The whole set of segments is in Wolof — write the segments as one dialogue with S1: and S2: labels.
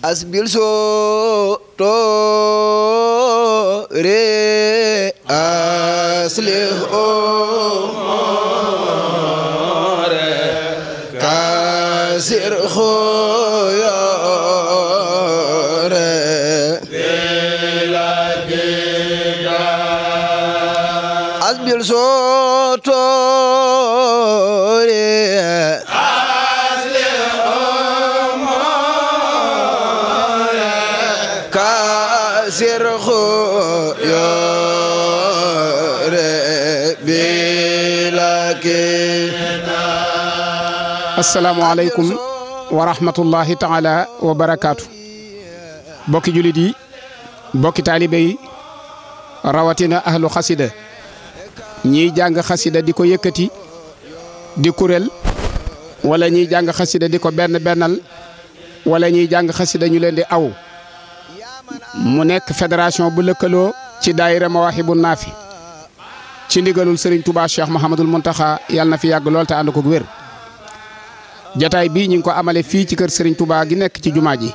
S1: asbil soo too ree aslih oo sirxu yore bi
S2: laki wa barakaatu bokki julit yi bokki taalibe yi rawatina ahlu xasida ñiy jàng xasida di ko yëkkati di kuréel wala ñiy jàng xasida di ko benn bennal wala ñiy jàng xasida ñu leen di aw mu nekk fédération bu lëkkaloo ci daayira Mawaahibu Naafi ci ndigalul Serigne Touba Cheikh Mouhamadul Mountakha yàlla na fi yàgg lool te ànd ko wér jataay bii ñu ngi ko amale fii ci kër sëriñ Touba gi nekk ci jumaa ji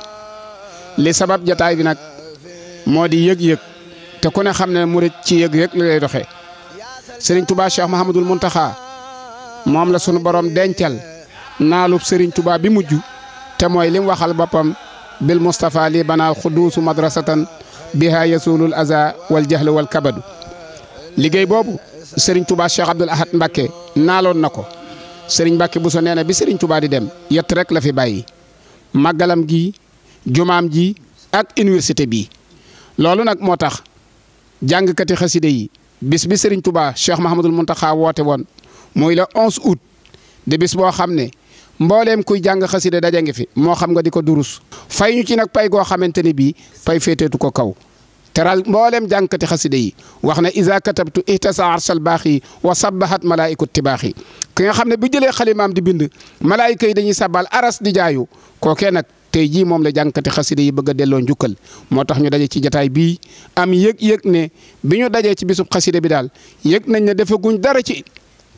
S2: li sabab jataay bi nag moo di yëg-yëg te ku ne xam ne murit ci yëg-yëg li lay doxee Serigne Touba Cheikh Mouhamadul Mountakha moom la sunu borom dencal naalub sëriñ tubaa bi mujj te mooy lim waxal boppam. bil Moustapha li banaa xuduusu madrasatan biha yasulul aza wal jahl wal kabadu liggéey boobu Serigne Touba Cheikh Abdoul Ahad Mbacké naaloon na ko Serigne Mbacké Bousso nee na bi Serigne Touba di dem yett rek la fi bàyyi màggalam gi jumaam ji ak université bi loolu nag moo tax jàngkati xaside yi bis bi Serigne Touba Cheikh Mahamadul Muntaxa woote woon muy la 11 août de bis boo xam ne. mbooleem kuy jàng xasida daja ngi fi moo xam nga di ko durus fay ñu ci nag pay goo xamante ni bii pay féeteetu ko kaw teral mbooleem jàngkati xasida yi wax na isa katabtu ihtasa arsal baax yi wa sabahat malaayikut tibaax yi ki nga xam ne bu jëlee xalimaam di bind malaayika yi dañuy sabal aras di jaayu kookee nag tey jii moom la jàngkati xasida yi bëgg a delloo njukkal moo tax ñu daje ci jataay bii am yëg-yëg ne bi ñu dajee ci bisub xasida bi daal yëg nañ ne defaguñ dara ci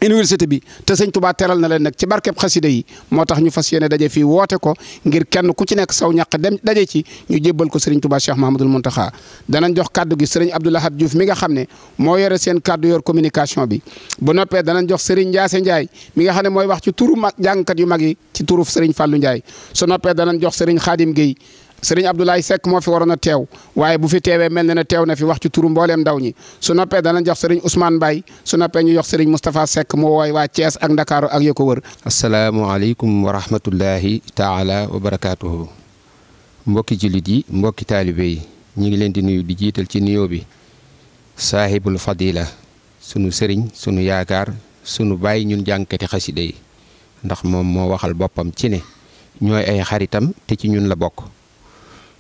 S2: université bi te sëñ Touba teral na leen nag ci barkeb xasida yi moo tax ñu fas yéene daje fi woote ko ngir kenn ku ci nekk saw ñàq dem daje ci ñu jébbal ko sëriñ Touba Cheikh Mahamadul xaa danañ jox kaddu gi sëriñ Abdou Lahad Diouf mi nga xam ne moo yore seen kaddu yor communication bi ba noppee danañ jox sëriñ Ndiase Ndiaye mi nga xam ne mooy wax ci turu mag jàngkat yu mag yi ci turu sëriñ Fallou Ndiaye su noppee danañ jox sëriñ Khadim Gueye sëriñ Abdoulaye sekk moo fi waroon a teew waaye bu fi teewee mel na ne teew na fi wax ci turu mbooleem ndaw ñi su noppee danañ jox sëriñ Ousmane baay su noppee ñu jox sëriñ Moustapha sekk moo wooy waa Thiès ak Ndakaaru ak ya ko wër.
S3: asalaamualeykum wa rahmatullahi taala wa barakaatuhu mbokki jullit yi mbokki taalibe yi ñu ngi leen di nuyu di jiital ci nuyoo bi saahibul fadila sunu sëriñ sunu yaakaar sunu bàyyi ñun jànkati xasida yi ndax moom moo waxal boppam ci ne ñooy ay xaritam te ci ñun la bokk.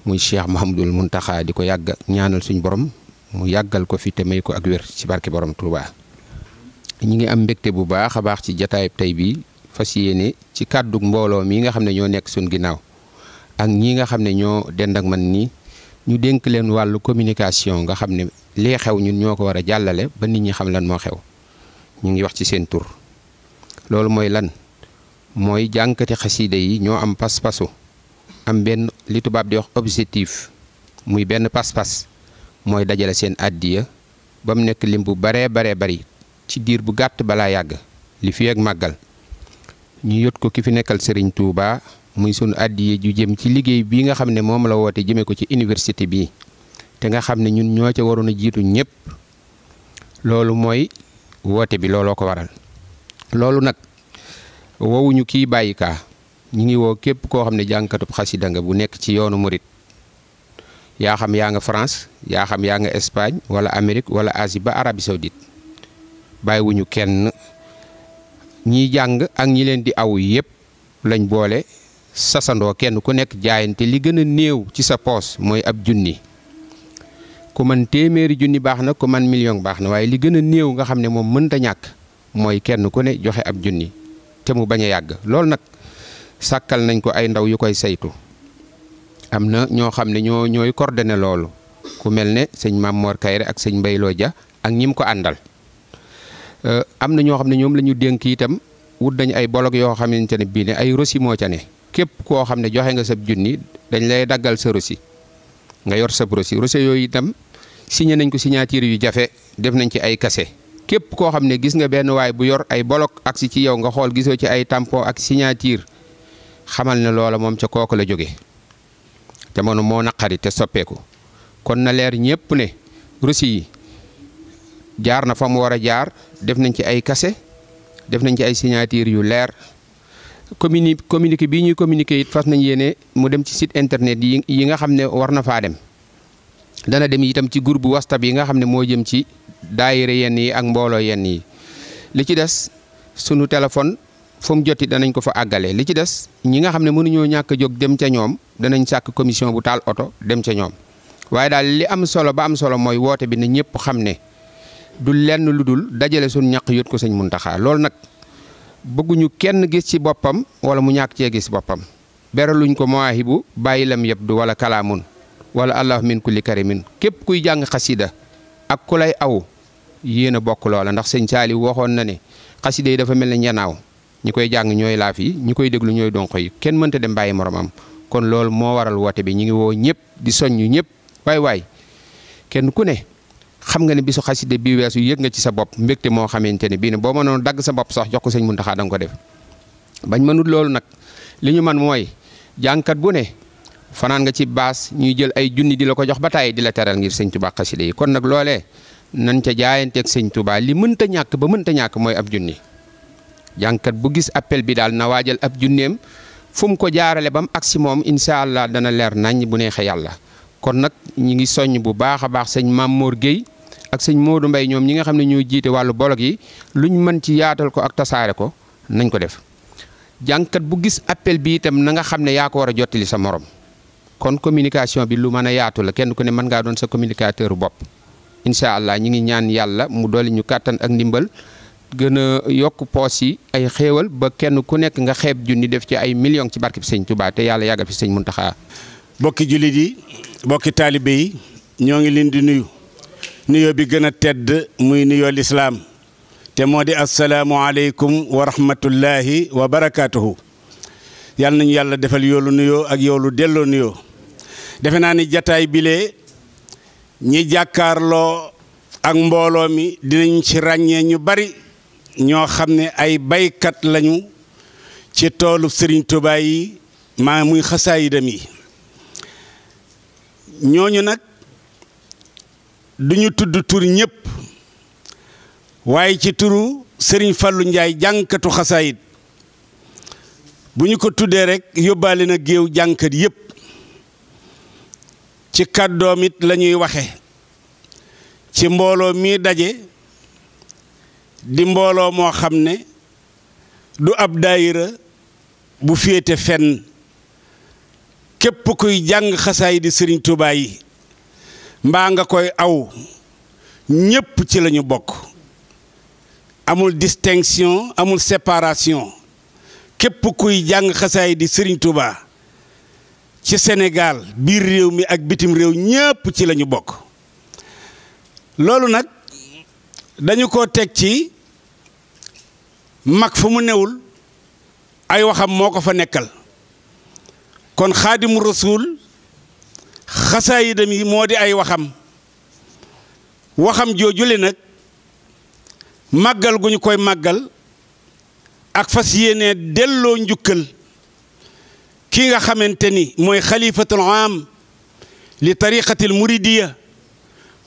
S3: muy Cheikh mun taxaa di ko yàgg ñaanal suñu borom mu yàggal ko fi te may ko ak wér ci barke borom Touba. ñi ngi am mbégte bu baax a baax ci jataayub tey bii fas yéene ci kàddug mbooloo mi nga xam ne ñoo nekk suñ ginnaaw ak ñi nga xam ne ñoo dend ak man nii ñu dénk leen wàllu communication nga xam ne lii xew ñun ñoo ko war a jàllale ba nit ñi xam lan moo xew ñu ngi wax ci seen tur loolu mooy lan mooy jànkati xasiida yi ñoo am pas-pasu am benn li tubaab di wax objectif muy benn pas-pas mooy dajale seen àddiya ba mu nekk lim bu baree baree bari ci diir bu gàtt balaa yàgg li fi ak màggal ñu yot ko ki fi nekkal sëriñ Touba muy sunu àddiya ju jëm ci liggéey bii nga xam ne moom la woote jëmee ko ci université bi te nga xam ne ñun ñoo ca waroon a jiitu ñëpp loolu mooy woote bi looloo ko waral loolu nag wowuñu kii bàyyi kaa ñu ngi woo képp koo xam ne jàngkatub xasida danga bu nekk ci yoonu murit yaa xam yaa nga France yaa xam yaa nga Espagne wala Amérique wala asi ba Arabie Saoudite bàyyiwuñu kenn ñiy jàng ak ñi leen di aw yépp lañ boole sasandoo kenn ku nekk jaayante li gën a néew ci sa poos mooy ab junni ku man téeméeri junni baax na ku man million baax na waaye li gën a néew nga xam ne moom mënta ñàkk mooy kenn ku ne joxe ab junni te mu bañ a yàgg loolu nag sàkkal nañ ko ay ndaw yu koy saytu am na ñoo xam ne ñoo ñooy coordonné loolu ku mel ne sëñ Maam Mor Kayre ak sëñ Mbaye Lo ak ñim ko àndal am na ñoo xam ne ñoom la ñu dénk itam wut nañ ay bolog yoo xamante ne bii ne ay rosi moo ca ne képp koo xam ne joxe nga sab junni dañ lay daggal sa rosi nga yor sab rosi rosi yooyu itam signé nañ ko signature yu jafe def nañ ci ay kase képp koo xam ne gis nga benn waay bu yor ay bolog ak si ci yow nga xool gisoo ci ay tampon ak signature xamal ne loola moom ca kooku la jóge jamono moo naqari te soppeeku kon na leer ñépp ne Russie yi jaar na fa mu war a jaar def nañ ci ay kase def nañ ci ay signature yu leer communi communiqué bii ñuy communiqué it fas nañ yéene mu dem ci sit internet yi yi nga xam ne war na faa dem dana dem itam ci groupe WhatsApp yi nga xam ne moo jëm ci daayira yenn yi ak mbooloo yenn yi li ci des sunu téléphone fu mu yi danañ ko fa àggale li ci des ñi nga xam ne mënuñoo ñàkk jóg dem ca ñoom danañ sàkk commission bu taal oto dem ca ñoom waaye daal li am solo ba am solo mooy woote bi na ñëpp xam ne du lenn lu dul dajale suñ ñàq yót ko sëñ taxaar loolu nag bëgguñu kenn gis ci boppam wala mu ñàkk cee gis boppam beraluñ ko mawaahibu bàyyi lam yëpp du wala kalaamun wala allah min kulli karimin képp kuy jàng xasida ak ku lay aw yéen a bokk loola ndax sëñ Saali waxoon na ne xasida dafa mel ne ñanaaw ñi koy jàng ñooy laaf yi ñi koy déglu ñooy donko yi kenn mënta dem bàyyi moromam kon loolu moo waral woote bi ñu ngi woo ñëpp di soññu ñëpp waay waay kenn ku ne xam nga ne bisu xaside bii weesu yëg nga ci sa bopp mbégte moo xamante ne bii ne boo mënoon dagg sa bopp sax jox ko sëñ Muntaxa da nga ko def bañ mënut loolu nag li ñu man mooy jàngkat bu ne fanaan nga ci baas ñuy jël ay junni di la ko jox ba tàyyi di la teral ngir sëñ Tuubaa xaside yi kon nag loolee nañ ca jaayanteeg sëñ Tuubaa li mënta ñàkk ba mënta ñàkk mooy ab junni jànqat bu gis appel bi daal na waajal ab junneem fu mu ko jaarale ba mu agsi moom incha allah dana leer nañ bu neexee yàlla kon nag ñi ngi soññ bu baax a baax sëñ Mamour Guèye ak sëñ mooru mbay ñoom ñi nga xam ne ñu jiite wàllu bolog yi ñu mën ci yaatal ko ak tasaare ko nañ ko def jànqat bu gis appel bi itam na nga xam ne yaa ko war a jottali sa morom kon communication bi lu mën a yaatu la kenn ku ne mën ngaa doon sa communicateur bopp incha allah ñi ngi ñaan yàlla mu dooli ñu kàttan ak ndimbal gën yokk poos yi ay xéewal ba kenn ku nekk nga xeeb junni def ci ay million ci barke bi sëñ Touba te yàlla yàggal fi sëñ Muntaxa
S4: bokki jullit yi bokki taalibe yi ñoo ngi leen di nuyu nuyoo bi gën a tedd muy nuyoo lislaam te moo di asalaamu aleykum wa rahmatullahi wa barakaatuhu yàlla nañu yàlla defal yoolu nuyoo ak yoolu delloo nuyoo defe naa ni jataay bile ñi jàkkaarloo ak mbooloo mi dinañ ci ràññee ñu bari ñoo xam ne ay baykat lañu ci toolu sëriñ Touba yi maa muy xasaayidam yi ñooñu nag duñu tudd tur ñëpp waaye ci turu sëriñ fallu njaay jànkatu xasaayid bu ñu ko tuddee rekk yóbbaale na géew jànkat yépp ci kàddoom it la ñuy waxe ci mbooloo mi daje di mbooloo moo xam ne du ab daayira bu féete fenn képp kuy jàng xasaay di sëriñ Tuubaa yi mbaa nga koy aw ñépp ci lañu bokk amul distinction amul séparation képp kuy jàng xasaay di sëriñ Tuubaa ci Sénégal biir réew mi ak bitim réew ñépp ci lañu bokk loolu nag dañu ko teg ci mag fu mu newul ay waxam moo ko fa nekkal kon xaadimu rasuul xasaayidam yi moo di ay waxam waxam joojule nag màggal gu ñu koy màggal ak fas yéene delloo njukkal ki nga xamante ni mooy xalifatul am li tariqatil muridiya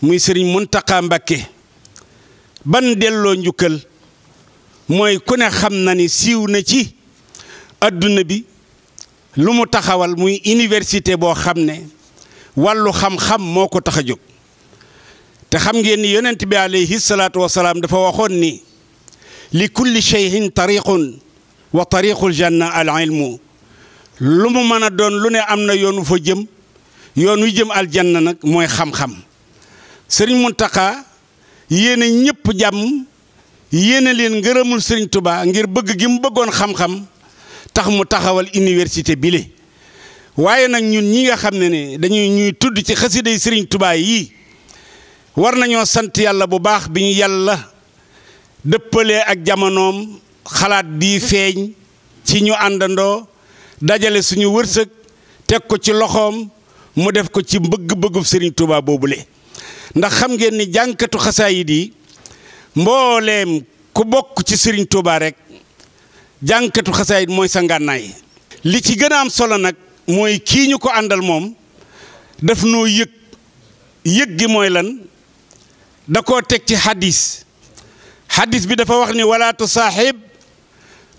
S4: muy sëriñ Muntaqa Mbàkke ban delloo njukkal mooy ku ne xam na ni siiw na ci adduna bi lu mu taxawal muy université boo xam ne wàllu xam-xam moo ko tax a jóg te xam ngeen ni yonent bi aleyhi salaatu wasalaam dafa waxoon ni li kulli shay'in tariqun wa tariqul janna al ilmu lu mu mën a doon lu ne am na yoonu fa jëm yoon wi jëm aljanna nag mooy xam-xam sëriñ Muntaqa yéene ñëpp jàmm yéene leen ngërëmul sëriñ Touba ngir bëgg gi mu bëggoon xam-xam tax mu taxawal université bile waaye nag ñun ñi nga xam ne ni dañuy ñuy tudd ci xasiday sëriñ Touba yii war nañoo sant yàlla bu baax bi ñu yàlla dëppalee ak jamonoom xalaat bii feeñ ci ñu àndandoo dajale suñu wërsëg teg ko ci loxoom mu def ko ci bëgg-bëggub sëriñ Touba boobule ndax xam ngeen ni jànkatu xasaayid yi mbooleem ku bokk ci sëriñ Touba rekk jànkatu xasaayit mooy sa ngànnaay li ci gën a am solo nag mooy kii ñu ko àndal moom daf noo yëg yëg mooy lan da koo teg ci hadis hadis bi dafa wax ni wala tusaaxib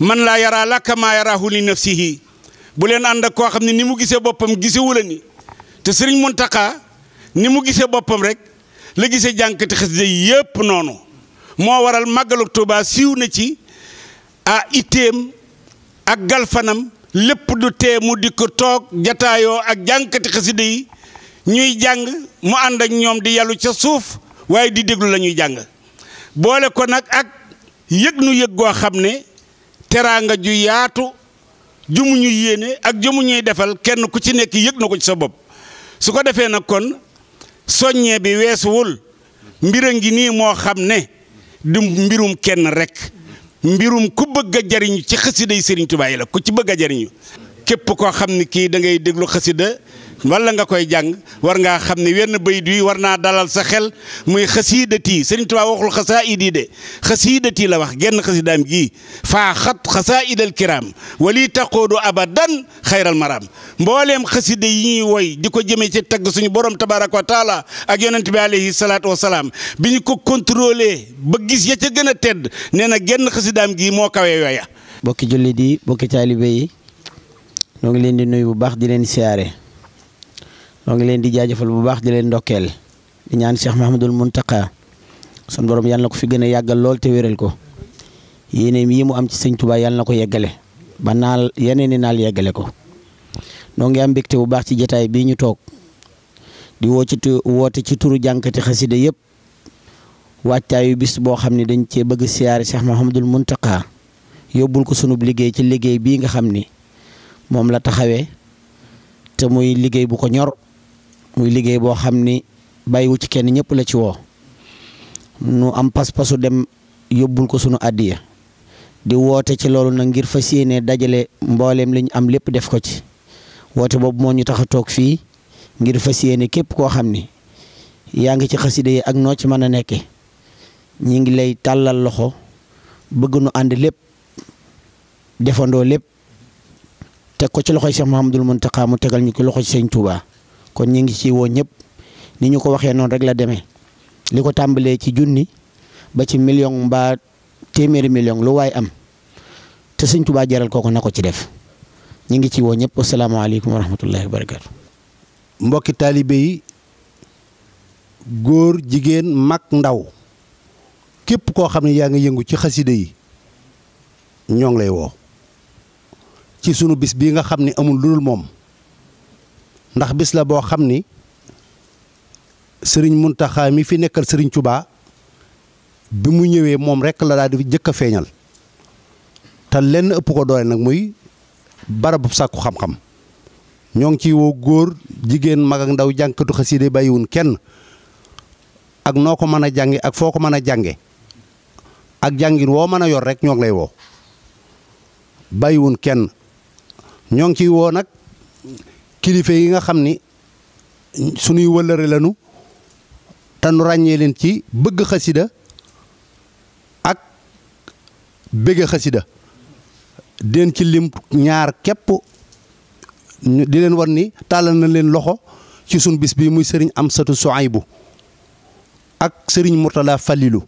S4: man laa yaraa laka maa yaraahu li nafsihi bu leen ànd koo xam ne ni mu gisee boppam gisewu la ni te sëriñ Muntaxa ni mu gisee boppam rek la gisee jànkati xasida yépp noonu moo waral màggalu Tuuba siiw na ci a itéem ak galfanam lépp du tee mu dikk toog jataayoo ak jànkati xasida yi ñuy jàng mu ànd ak ñoom di yàllu ca suuf waaye di déglu lañuy jàng boole ko nag ak yëg nu yëg goo xam ne teraanga ju yaatu ju mu ñu yéene ak ju mu ñuy defal kenn ku ci nekk yëg na ko ci sa bopp su ko defee nag kon soññee bi weesuwul mbira ngi nii moo xam ne du mbirum kenn rek mbirum ku bëgg a jariñu ci xasiday Serigne Touba yi la ku ci bëgg a jariñu képp koo xam ni kii da ngay déglu xasida wala nga koy jàng war ngaa xam ne wenn bayit wi war naa dalal sa xel muy xasiidati Sëriñ Tuubaa waxul xasaayidi de xasiidati la wax genn xasidaam gi faa xat xasaayidal kiraam wali taqoodu abadan xayral maraam mbooleem xasida yi ñuy woy di ko jëmee ci tagg suñu borom tabaraka wa taala ak yonent bi alayhi salaatu wasalaam bi ñu ko contrôlé ba gis ya ca gën a tedd nee na genn xasidaam gii moo kawee yooya
S5: bokki jullit di bokki taalibe yi ñoo ngi leen di nuyu bu baax di leen siyaare noo ngi leen di jaajëfal bu baax di leen ndokkeel di ñaan Cheikh mun Muntaqa sun borom yàlla na ko fi gën a yàggal lool te wéral ko yéeneem yi mu am ci sëñ Tuubaa yàlla na ko yeggale ba naal yeneen i naal yeggale ko noo ngi am mbégte bu baax ci jataay bii ñu toog di woo ci woote ci turu jànkati xasida yëpp waajtaayu bis boo xam ne dañ cee bëgg siyaare Cheikh Mahamadul Muntaqa yóbbul ko sunub liggéey ci liggéey bii nga xam ni moom la taxawee te muy liggéey bu ko ñor muy liggéey boo xam ni bàyyiwu ci kenn ñëpp la ci woo nu am pas-pasu dem yóbbul ko sunu addiya di woote ci loolu nag ngir fas yéenee dajale mbooleem lañu am lépp def ko ci woote boobu moo ñu tax a toog fii ngir fas yéene képp koo xam ni yaa ngi ci xasida ak noo ci mën a nekke ñi ngi lay tàllal loxo bëgg nu ànd lépp defandoo lépp teg ko ci loxoy Cheikh Mouhamadul Mountakha mu tegal ñu ko loxo ci Sëñ Touba kon ñu ngi ci woo ñëpp ni ñu ko waxee noonu rek la demee li ko tàmbalee ci junni ba ci million mbaa téeméeri million lu waay am te sëñ Tuubaa jaral kooku na ko ci def ñu ngi ci woo ñëpp asalaamaaleykum wa rahmatullahi wa barakaatu. mbokki taalibe yi góor jigéen mag
S1: ndaw képp koo xam ne yaa ngi yëngu ci xaside yi ñoo ngi lay woo ci sunu bis bi nga xam ni amul lu dul moom. ndax bis la boo xam ni sëriñ Muntaxa mi fi nekkal sëriñ Tuubaa bi mu ñëwee moom rekk la daal di jëkk a feeñal te lenn ëpp ko doole nag muy barabu sàkku xam-xam ñoo ngi ciy woo góor jigéen mag ak ndaw jànkatu xasida bàyyiwun kenn ak noo ko mën a jànge ak foo ko mën a jànge ak jàngin woo mën a yor rek ñoo ngi lay woo bàyyiwun kenn ñoo ngi ciy woo nag kilifa yi nga xam ni suñuy wëllëre lañu tanu ràññee leen ci bëgg xasida ak bëgg xasida den ci lim ñaar képp di leen war ni tàllal na leen loxo ci suñ bis bi muy sëriñ Amsatu Suaybu ak sëriñ Murtala Falilu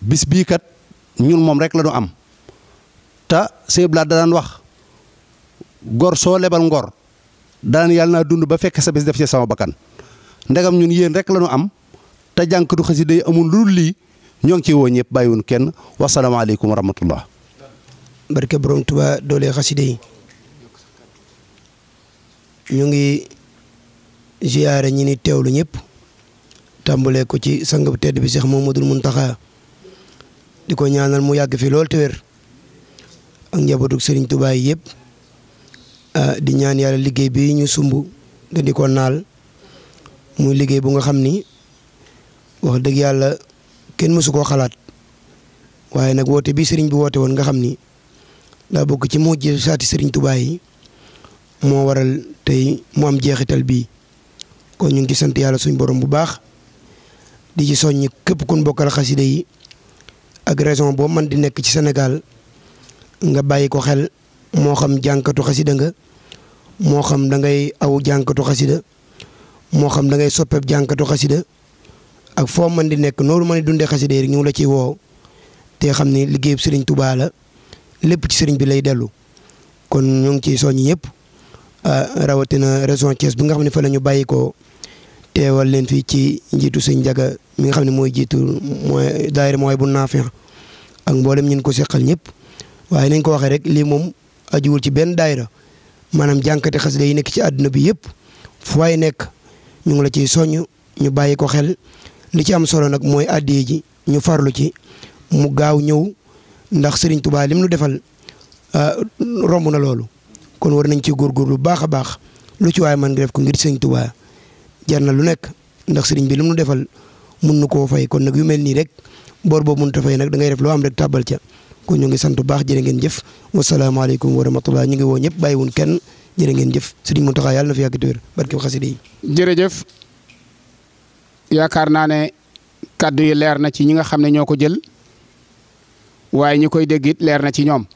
S1: bis bii kat ñun moom rek la ñu am te sëñ Bala daan wax gor soo lebal ngor daan yàlla naa dund ba fekk sa def ci sama bakkan ndegam ñun yéen rek la ñu am te jànkatu xasida yi amul lu lii ñoo ngi ciy woo ñëpp bàyyiwun kenn wasalaamaaleykum wa rahmatullah.
S6: barke borom Tuubaa doole xasida yi ñu ngi ziyaare ñi ni teewlu ñëpp tàmbalee ko ci sangab tedd bi Cheikh Mouhamadoul Mountakha di ko ñaanal mu yàgg fi lool te wér ak njabootu Serigne Touba yëpp. Euh, di ñaan yàlla liggéey bi ñu sumb te di ko naal muy liggéey bu nga xam ni wax dëgg yàlla kenn mësu koo xalaat waaye nag woote bi sëriñ bi woote woon nga xam ni daa bokk ci moo ji saati sëriñ Tuubaa yi moo waral tey mu jeexital bi kon ñu ngi sant yàlla suñ boroom bu baax di ci soññ képp kun bokkal xasida yi ak boo man di nekk ci senegal nga bàyyi ko xel moo xam jànkatu xasida nga moo xam dangay aw jànkatu xasida moo xam da ngay soppeeb jànkatu xasida ak foo mën di nekk noonu mën di dundee xasida yi rek la ciy woo te xam ni liggéeyub sëriñ Tuubaa la lépp ci sëriñ bi lay dellu kon ñu ngi ciy soññ ñëpp rawatina région Thiès nga xam ne fa la ñu bàyyi ko teewal leen fii ci njiitu sëñ Njaga mi nga xam ne mooy jiitu mooy daayira mooy bu naafi ak mboolem ñun ko seqal ñëpp waaye nañ ko waxee rek lii moom ajuwul ci benn daayira maanaam jànkati xasida yi nekk ci àdduna bi yëpp fu waay nekk ñu ngi la ciy soññ ñu bàyyi ko xel li ci am solo nag mooy addiya ji ñu far lu ci mu gaaw ñëw ndax Serigne Touba lim nu defal ah, romb na loolu kon war nañ ci góorgóorlu lu baax a baax lu ci waay man nga def ko ngir Serigne Touba na lu nekk ndax sëriñ bi lim nu defal mun nu koo fay kon nag yu mel nii rek boor boobu mënut te fay nag dangay ngay def loo am rek tàbbal ca. ko ñu ngi sant bu baax jërë ngeen jëf wasalaamaaleykum wa rahmatullah ñu ngi woo ñëpp bàyyi wun kenn jëre ngeen jëf Sëriñ Muntaxa yàlla na fi yàgg téwér barkeb xasida yi
S2: jërëjëf yaakaar naa ne kàddu yi leer na ci ñi nga xam ne ñoo ko jël waaye ñi koy dégg leer na ci ñoom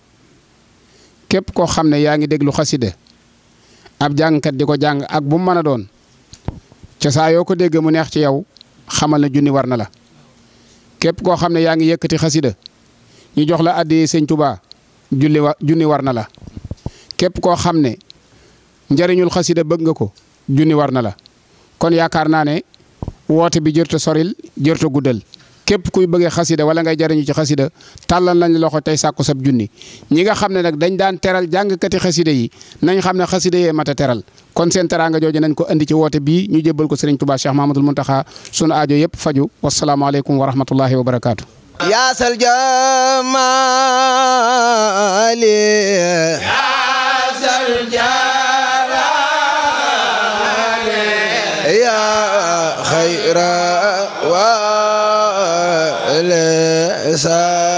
S2: képp koo xam ne yaa ngi déglu xasida ab jàngkat di ko jàng ak bu mu mën doon cosaa yoo ko dégg mu neex ci yow xamal na junni war na la képp koo xam ne yaa ngi yëkkati xasida ñu jox la addiyee sëñ tubaa junni war na la képp koo xam ne njëriñul xasida bëgg nga ko junni war na la kon yaakaar naa ne woote bi jërta soril jërta guddal képp kuy bëggee xasida wala ngay jariñu ci xasida tàllal nañ loxo tey sàkku sab junni ñi nga xam ne nag dañ daan teral jàngkati xasida yi nañ xam ne xasida yee mat a teral kon seen teraanga jooju nañ ko andi ci woote bii ñu jébbal ko Serigne Touba Cheikh Mahamadul Muntaxa sunu aajo yëpp faju wasalaamualeykum wa rahmatullahi wa barakaatu.
S6: يا ذا الجمال
S1: يا ذا الجلال يا خير والإحسان